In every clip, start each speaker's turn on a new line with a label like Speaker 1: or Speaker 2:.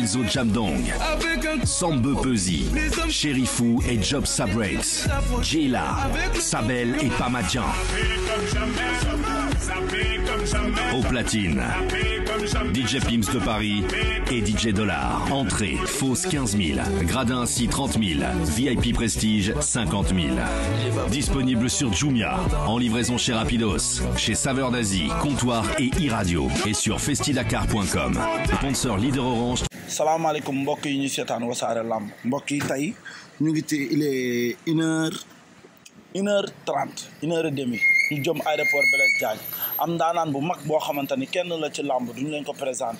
Speaker 1: Miles O'Jamdong, Sambe Pesi, Sherifou et Job Sabrates, Jila, Sabel et Pamadjan. Au platine, DJ Pims de Paris et DJ Dollar. Entrée, fausse 15 000, gradin ainsi VIP Prestige Disponible sur Jumia, en livraison chez Rapidos, chez Saveur d'Asie, Comptoir et e et sur festidakar.com. Sponsor leader orange
Speaker 2: salaamaaleykum mbokk yi ñu seetaan wasaare làmb mbokk yi tey ñu ngi ci il est une heure une heure trente une heure et demie ñu jëm aéroport Blaise Diagne am ndaanaan bu mag boo xamante ni kenn la ci làmb duñ leen ko présent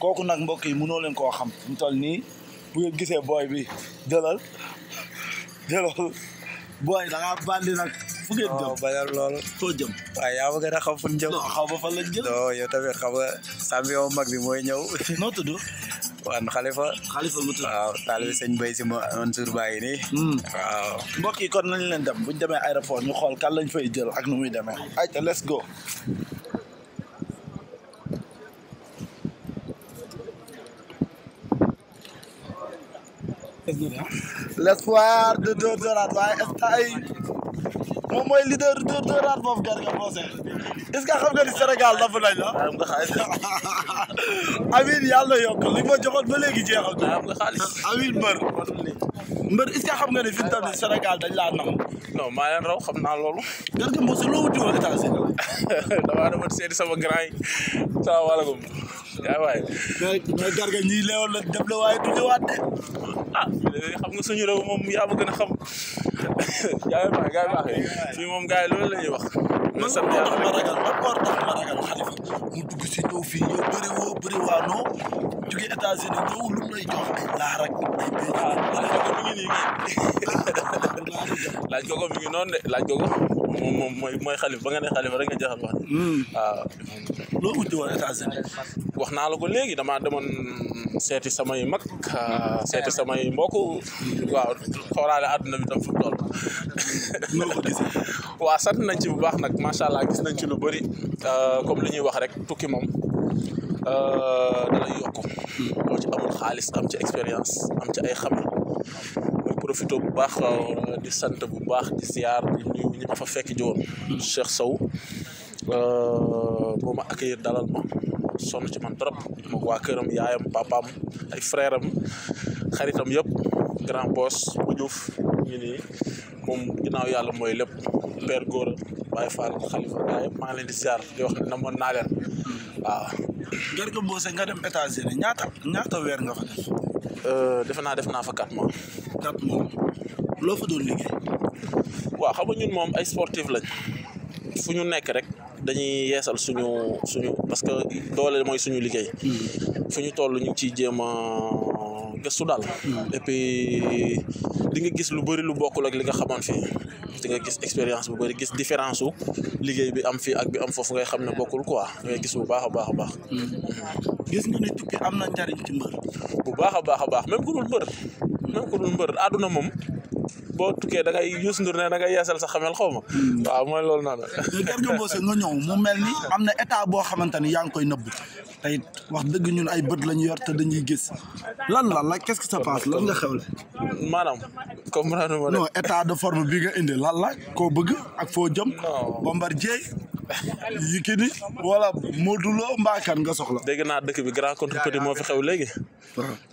Speaker 2: kooku nag mbokk yi mënoo leen koo xam mu toll nii bu ngeen gisee booy bi jëlal jëlal booy da ngaa bandi nag fu ngeen jëm bañal jëm waaye yaa ma gën a xam fu ñu jëm xaw ma fan lañ jëm non yow tamit xam nga sàmm yow mag bi mooy ñëw noo tudd wan xalifa xalifa mu tudd waaw taalibi Bay si ma Mansour baa ngi hmm. waaw mbokk kon nañ leen dem buñ demee aéroport ñu xool kan lañ fay jël ak nu muy demee ayca let's go l'espoir de Dóor Dóoraat waaye moom mooy leader leader de raad boobu Garga Mbossé est-ce que xam nga ni Sénégal dafa nañ la. am nga xaalis Amine yàlla yokk li
Speaker 3: nam. non maa leen raw xam naa loolu. Garga Mbossé loo wuti woon États-Unis. damaa demoon sama grand yi. salaamaaleykum. yaa waay. Garga ñii leewoon la dem la waaye du ñëwaat ah eh, xam nga suñu réew moom yaa ma gën a xam yaa moom gars yi loolu la wax. ma sant yàlla ma ragal man ma ragal xalifa mu dugg si ñëw fii yow bëri woo bëri waanoo
Speaker 2: jóge ñëw lu lay jox ay laa rek ay ah, laaj
Speaker 3: ko mi ngi nii de laaj ko mooy mooy xalifa ba nga ne xalifa rek nga jaxal wax. waaw. Hmm. Ah, loo mujj woon wax naa la ko léegi damaa demoon seeti sama samay mag seeti samay mbokk waaw xoolaale àdduna bi tam fu toll sant nañ ci bu baax nag macha allah gis nañ ci lu bëri euh, comme li ñuy wax rek tukki moom euh, da lay yokk ci amul xaalis am ci expérience am ci ay xam profito bu baax di sant bu baax di ziar di nuyu ñi ma fekk ji woon hmm. Cheikh euh, boo ma accueillir dalal ma sonn ci man trop ma waa këram yaayam papaam ay frère am xaritam yëpp grand boss bu Diouf ñu nii ginnaaw yàlla mooy lépp père góor Baye Fall Khalifa maa ngi leen di ziar di wax ne namoon naa leen waaw. Garga nga dem États-Unis ñaata euh, naa def naa fa quatre mois. loo fa doon liggéey. waaw xam ñun moom ay sportif lañ fu ñu nekk rek. dañuy yeesal suñu suñu parce que doole mooy suñu liggéey hmm. fu ñu toll ñu ngi ciy jéem a gëstu daal hmm. et di nga gis lu bëri lu bokkul ak li nga xamoon fii di nga gis expérience bu bëri gis différence su liggéey bi am fii ak bi am foofu ngay xam ne bokkul quoi ngay gis bu baax a baax a baax hmm. gis nga ne tukki am na njariñ ci mbër bu baax a baax a baax même ku dul mbër même ku dul mbër àdduna moom boo tukkee da ngay Youssou Ndour ne da ngay yeesal sa xamel xaw ma hmm. waaw mooy loolu noonu Garga Mbossé nga
Speaker 2: ñëw mu mel ni am na état boo xamante ni yaa ngi koy nëbb tey wax dëgg ñun ay bët la ñu yor te dañuy gis lan la la qu'est-ce qui se passe lan nga xewle
Speaker 3: maanaam comprendre ma
Speaker 2: non état de forme bi nga indi lan la koo bëgg ak foo jëm Bombardier Yékini
Speaker 3: wala Modou Lo mbaa kan nga soxla dégg naa dëkk bi grand contre moo fi xew léegi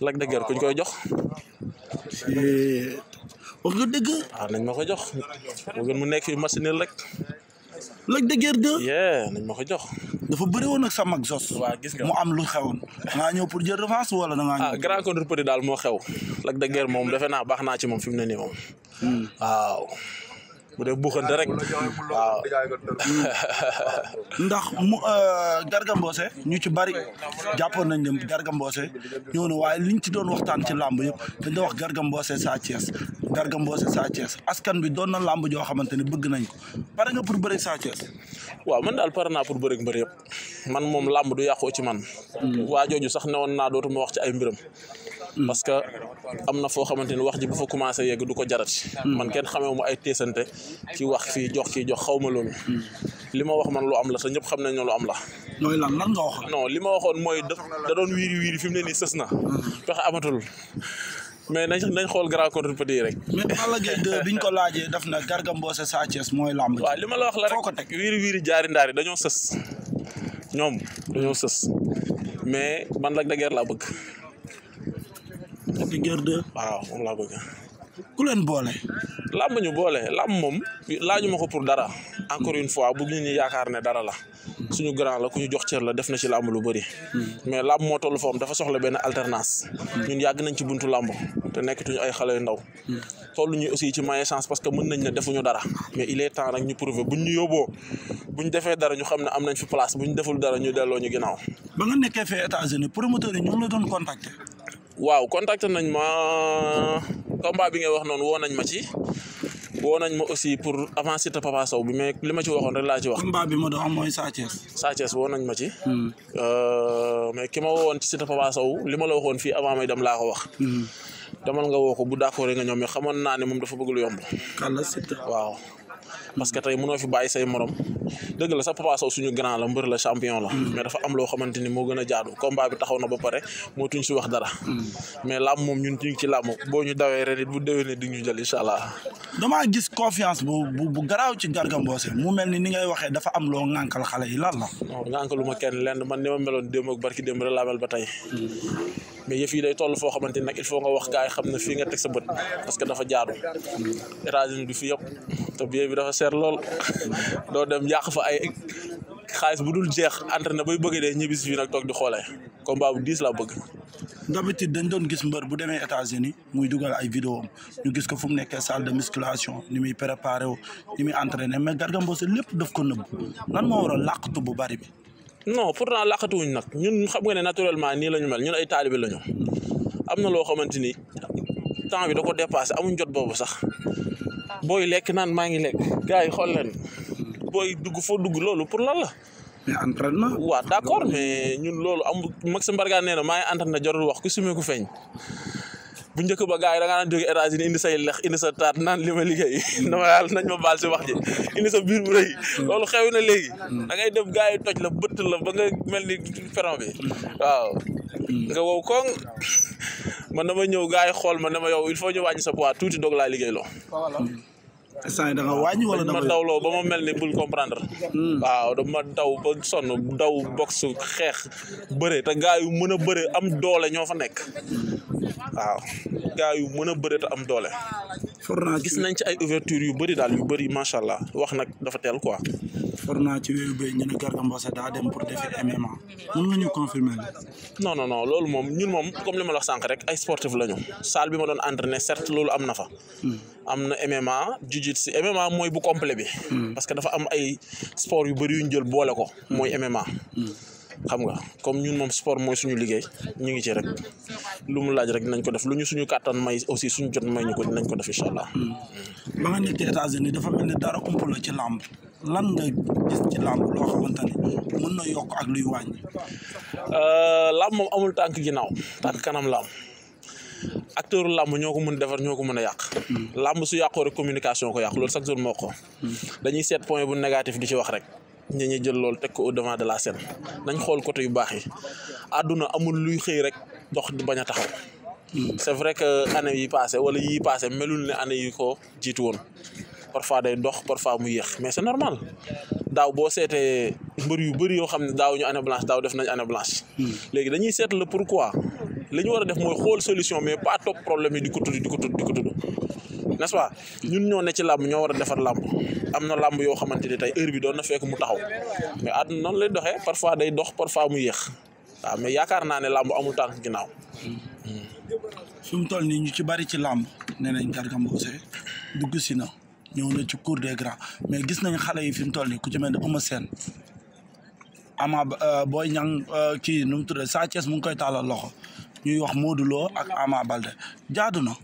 Speaker 3: lak de guerre kuñ koy jox eh, wax nga dëgg. waaw ah, nañ ma ko jox mu gën mu nekk fi machine rek. Lac de yee nañ ma ko jox. dafa bëri woon ak sa mag jos. waaw mu am lu xewoon.
Speaker 2: nga ñëw pour jël revanche wala da ngaa ñëw.
Speaker 3: ah grand daal moo xew. Lac de moom defe naa baax naa ci moom fi mu ne nii moom. Hmm. waaw. bu dee buuxante rek waaw. ndax
Speaker 2: mu euh, Garga Mbossé ñu ci bari jàppoon nañ ne Garga Mbossé ñëw na waaye liñ ci doon waxtaan ci làmb yëpp dañ doon wax Garga Mbossé Sa Thiès Garga Mbossé Sa Thiès askan bi doon na làmb joo ne bëgg nañ ko
Speaker 3: pare nga pour bëri Sa Thiès. waaw man daal pare naa pour bëri mbër yëpp man moom làmb du yàqoo ci man. Hmm. waa jooju sax newoon naa dootuma wax ci ay mbiram. Hmm. parce que am na foo xamante ni wax ji bu fa commencé yegg du ko jarati. Hmm. man kenn xamee mu ay teesante ci wax fii jox kii jox xaw ma loolu. li ma wax man lu am la te ñëpp xam nañ ne lu am la. loolu lan lan nga wax. non waxoon mooy da doon wiiri wiiri fi mu ne nii sës na. pexe amatul. mais nañ nañ xool grand contre petit rek. mais Balla Gaye 2 biñ ko
Speaker 2: laajee daf na Garga Mbossé Sa Thiès mooy lamb. waaw li ma la wax la rek ko teg wiiri wiiri jaari ndaari dañoo sës
Speaker 3: ñoom dañoo sës mais man Lac de la bëgg. Lac de Guiers ku leen boole. làmb ñu boole làmb moom laaju ma ko pour dara encore une fois bu nit ñi yaakaar ne dara la suñu grand la ku ñu jox cër la def na ci làmb lu bari hmm. mais làmb moo tollu foofu dafa soxla benn alternance hmm. ñun yàgg nañ ci buntu làmb te nekkatuñu ay xale yu ndaw tollu ñu aussi ci maye chance parce que mën nañ ne defuñu dara mais il est temps nag ñu prouver buñ ñu yóbboo buñ defee dara ñu xam ne am nañ fi place buñ deful dara ñu delloo ñu ginnaaw.
Speaker 2: ba nga nekkee fee États-Unis promoteur yi ñoom la doon contacter.
Speaker 3: waaw contacter nañ ma combat bi ngay wax noonu woo nañ ma ci. woo nañ ma aussi pour avancer te Papa Sow bi mais li ma ci waxoon rek laa ci wax. combat bi ma doon am mooy Sa Thiès. woo nañ ma ci. Hmm. Euh, mais ki ma woowoon ci Siteu Papa Sow li ma la waxoon fii avant may dem laa ko wax. Hmm. demal nga woo ko bu d'accord nga ñoom mais xamoon naa ne moom dafa bëgg lu yomb. waaw. parce que tey noo fi bàyyi say morom dëgg la sa Papa suñu grand la mbër la champion la. Hmm. mais dafa am loo xamante ni moo gën a jaadu combat bi taxaw ba pare moo tuñ si wax dara. Hmm. mais làmb moom ñun ñu ngi ci làmb boo ñu dawee ren it bu déwénee di ñu jël incha allah.
Speaker 2: gis confiance bu bu bu garaaw ci Garga Mbossé mu mel ni ni ngay waxee dafa am loo ŋànkal xale yi lan la.
Speaker 3: waaw ŋànkalu ma kenn lenn man ni ma meloon démb ak barki démb rek ba tey. Hmm. mais yëf yi day toll foo xamante ni nag il faut nga wax gars yi xam ne fii nga teg sa bët parce que dafa jaadu États-Unis du fi yëpp te billet bi dafa seer lool doo dem yàq fa ay xaalis bu dul jeex entraîné bay bëgg dee ñibbi si fii nag toog di xoolee combat bu diis la bëgg. d'habitude
Speaker 2: dañ doon gis mbër bu demee États-Unis muy dugal ay vidéo am ñu gis ko fu mu nekkee salle de musculation ni muy préparé wu ni muy entraîné mais Garga Mbossé lépp daf ko nëbb lan moo waral làqatu bu
Speaker 3: bari bi. non pourtant laqatuwuñ nag ñun xam nga ne naturellement nii la ñu mel ñun ay taalibe lañu am na loo xamante ni temps bi da ko dépassé amuñ jot boobu sax booy lekk naan maa ngi lekk gars yi xool leen booy dugg foo dugg loolu pour lan la. mais entraînement. mais ñun loolu am Maxime Barga nee maay maa ngi entraîné wax ku sumé ku feeñ. bu njëkk ba gars yi da jóge états indi say lex indi sa taat naan li ma liggéey mm. dama yàlla nañ ma baal si wax ji indi sa biir bu rëy mm. loolu xew na léegi mm. dangay ngay dem gars yi toj la bëtt la ba nga mel ni feron bi waaw wow koŋ man dama ñëw gars yi xool ma ne ma yow il faut ñu wàññi sa poids tuuti doog laa liggéey loo sànq da nga ba ma mel ni bul comprendre. waaw dama daw ba sonn daw box xeex bëre te gars yu mën a bëre am doole ñoo fa nekk. waaw gars yu mën a bëre te am doole. naa gis nañ ci ay ouverture yu bëri daal yu bëri macha allah wax nag dafa teel quoi.
Speaker 2: for naa ci wéyu béy ñu ne Garga Mbossé daa dem pour defi MMA mën nga ñu confirmer la.
Speaker 3: non loolu moom ñun moom comme li ma la wax sànq rek ay sportif la ñu salle bi ma doon entraîné certes loolu am na fa. Hmm. am na MMA jiu si MMA mooy bu complet bi. Hmm. parce que dafa am ay sport yu bëri yu ñu jël boole ko. Hmm. mooy MMA. xam nga comme ñun moom sport mooy suñu liggéey ñu ngi ci rek lu mu laaj rek dinañ ko def lu ñu suñu kàttan may aussi suñu jot may ñu ko dinañ ko def incha allah. Hmm.
Speaker 2: ba nga nekk États-Unis dafa mel ni dara ci làmb lan nga gis ci làmb loo
Speaker 3: euh, moom amul tànk ginnaaw tànk kanam làmb. acteur làmb ñoo ko mën defar ñoo ko mën a yàq hmm. làmb su yàqoo rek communication ko yàq loolu chaque jour moo ko hmm. dañuy set point bu négatif di ci wax rek ñi ñuy jël loolu teg ko au de la scène nañ xool côté yu baax yi àdduna amul luy xëy rek dox di bañ a taxaw c'est vrai que année yi passé wala yii passé melul ne année yi ko jiitu woon parfois day dox parfois mu yéex mais c'est normal daaw boo seetee mbër yu bëri yoo xam ne daaw ñu année blanche daaw def nañ année blanche hmm. léegi dañuy seet la pourquoi li ñu war a def mooy xool solution mais pas topp problème yi di ko tudd pas ñun ñoo ne ci làmb ñoo war a defar làmb am na làmb yoo xamante ni tey heure bi doon na fekk mu taxaw mais àdduna noonu lay doxee parfois day dox parfois mu yéex waaw mais yaakaar naa ne làmb amul tànk ginnaaw. Hmm.
Speaker 2: fi mu toll nii ñu ci bari ci làmb nee nañ Garga Mbossé dugg si na ñëw na ci cour des grands mais gis nañ xale yi fi mu toll nii ku ci mel ne Eumeu Sène Ama booy euh, ñan euh, kii nu mu tuddee Sa Thiès mu ngi koy tàllal loxo ñuy wax Modou Lo ak Ama Balde jaadu na.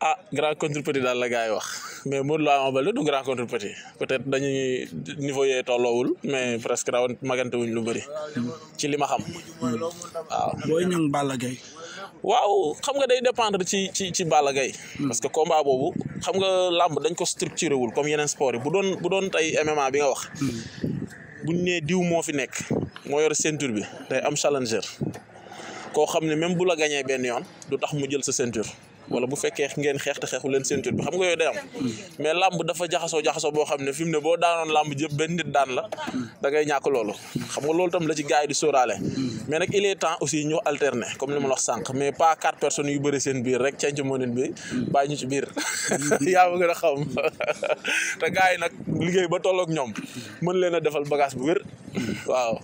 Speaker 3: ah grand contre daal la gars yi wax mais Modou Lo Ama Balde du grand contre petit peut-être dañuy niveau yee tolloowul mais presque rawan magante wuñ lu bëri hmm. ci li ma xam.
Speaker 2: waaw
Speaker 3: Boy Niang Balla waaw xam nga day dépendre ci ci ci Balla hmm. parce que combat boobu xam nga làmb dañ ko structuré wul comme yeneen sport yi bu doon bu doon tey MMA bi nga wax. Hmm. bu nee diw moo fi nekk moo yor ceinture bi day am challenger koo xam ne même bu la gañee benn yoon du tax mu jël sa ceinture wala bu fekkee ngeen xeex te xeexu leen ceinture bi xam nga yooyu day am mais làmb dafa jaxasoo jaxasoo boo xam ne fi mu ne boo daanoon làmb jëpp benn nit daan la da ñàkk loolu xam nga loolu tam la ci gars yi di sóoraale mais nag il est temps aussi ñu alterner comme li ma la wax sànq mais pas quatre personnes yu bëri seen biir rek cenc mënit bi bàyyi ñu ci biir yaa ma gën a xam te gars yi nag liggéey ba tolloog ñoom mën leen a defal bagage bu wér waaw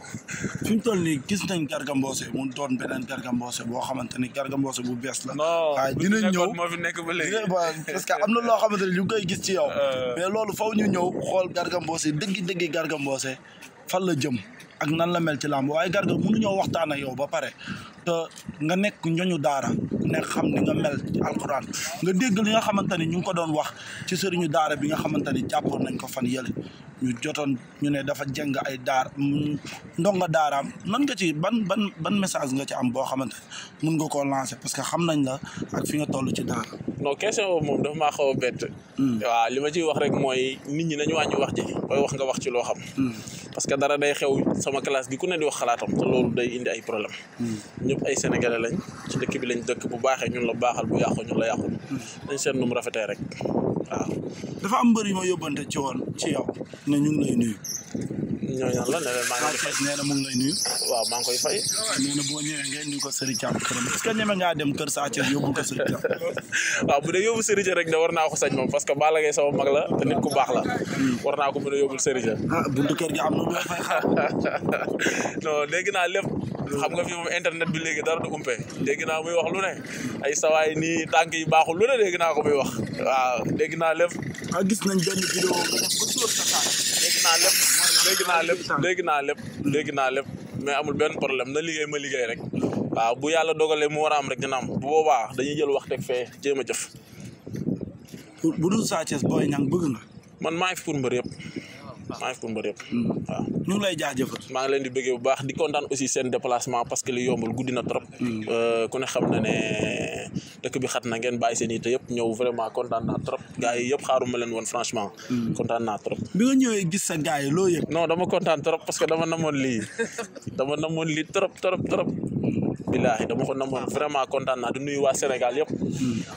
Speaker 2: fi mu toll nii gis nañ Garga Mbossé mu doon beneen Garga Mbossé boo xamante ni Garga Mbossé bu bees la. waaw dina ñëw moo fi nekk ba léegi parce am na loo xamante ni ñu ngi gis ci yow. Euh. mais loolu faw ñu ñëw xool Garga Mbossé dëgg dëgg Garga Mbossé fan la jëm. ak nan la mel ci làmb waaye Garga mënuñoo waxtaan ak yow ba pare te nga nekk ñoñu daara ne xam ni nga mel ci alxuraan nga dégg li nga xamante ni ñu ngi ko doon wax ci sëriñu daara bi nga xamante ni jàppoon nañ ko fan yële jotoon ñu ne dafa jëng ay daar ndonga daaraam nan nga ci ban ban ban message nga ci am boo xamante ne nga koo lancer parce que xam nañ la ak fi nga toll ci daara.
Speaker 3: non question boobu moom dafa maa xaw a bett. Hmm. waaw li ma ciy wax rek mooy nit ñi nañu wàññi wax ji. booy wax nga wax ci loo xam. Hmm. parce que dara day xew sama classe gi ku ne di wax xalaatam te loolu day indi ay problème hmm. ñëpp ay sénégalais lañ ci dëkk bi lañ dëkk bu baaxee ñun la baaxal bu yàqu ñun la yàqul dañ hmm. seen nu rafetee rek waaw
Speaker 2: dafa am mbër yi ma yóbbante ci woon ci yow ne ñu ngi lay ñooñu la ne leen maa ngi fay
Speaker 3: nee na mu ngi lay nuyu. waaw maa ngi koy fay. nee boo ñëwee ngeen ñu ko Serigne Thiam këram est-ce que ñeme ngaa dem kër Sa Thiès yóbbu ko Serigne Thiam. waaw bu dee yóbbu Serigne rek de war naa ko sañ moom parce que Balla Gaye sama mag la te nit ku baax la. Hmm. war naa ko mën a yóbbul Serigne. ah buntu kër na loo naa lépp. xam nga fi moom internet bi léegi dara du umpe dégg naa muy wax lu ne ay sawaay nii tànk baaxul lu ne dégg naa ko muy wax waaw dégg naa lépp. ah gis nañ benn vidéo nga def ko dégg naa lépp. léegi naa lépp dégg naa lépp léegi naa lépp mais amul benn problème na liggéey ma liggéey rek waaw bu yàlla dogalee mu war rek dina am bu boobaa dañuy jël wax teg fee jéem a jëf. bu dul Sa Thiès Boy Niang bëgg nga. man maa ngi mbër yëpp. maa ngi pour mbër yëpp mm. waaw ñu maa ngi leen di bëggee bu baax di kontaan aussi seen déplacement parce que li yombul guddi trop mm. euh, ku ne xam na ne dëkk bi xat na ngeen bàyyi seen yitte yëpp ñëw vraiment kontaan naa trop gars yi yëpp xaaruma leen woon franchement mm. kontaan naa trop bi nga ñëwee gis sa gars yi loo yëg non dama kontaan trop parce que dama namoon lii dama namoon lii trop trop trop billaahi dama ko namoon vraiment kontaan naa di nuyu waa Sénégal yëpp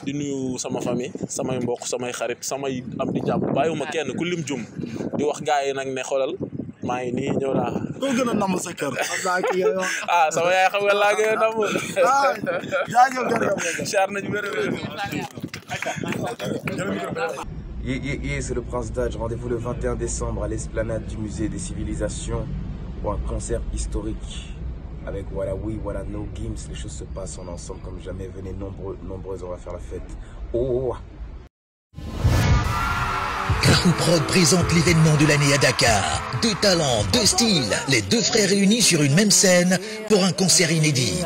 Speaker 3: di nuyu sama famille samay mboq samay xarit samay am di jàpp bàyyiwuma kenn ku lim jum di wax gaa yi nag ne xoolal maa ngi nii ñëw naa. koo gën a nam sa kër. Ah, sama yaay xam nga laa gën a nam. ah
Speaker 2: jaajëf jërëjëf. Yé yé le décembre à l'esplanade du musée des civilisations pour un concert historique. avec voilà oui, voilà no
Speaker 1: présente l'événement de l'année à Dakar. Deux talents, deux styles, les deux frères réunis sur une même scène pour un concert inédit.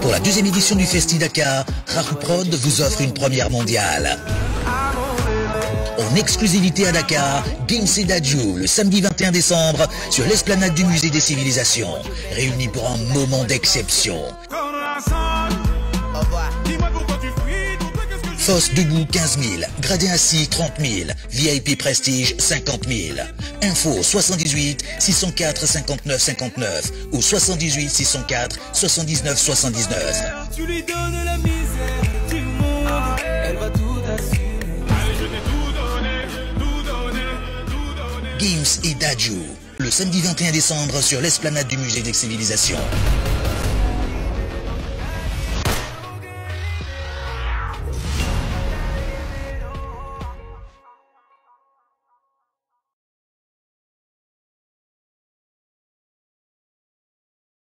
Speaker 1: Pour la deuxième édition du Festi Dakar, Rahou vous offre une première mondiale. en exclusivité à Dakar, Gims et Dadju, le samedi 21 décembre, sur l'esplanade du Musée des Civilisations, réunis pour un moment d'exception. Fosse debout 15 000, gradé assis 30 000, VIP prestige 50 000. Info 78 604 59 59 ou 78 604 79 79. Tu lui donnes la mine. et Dajou, le samedi 21 décembre sur l'esplanade du Musée des Civilisations.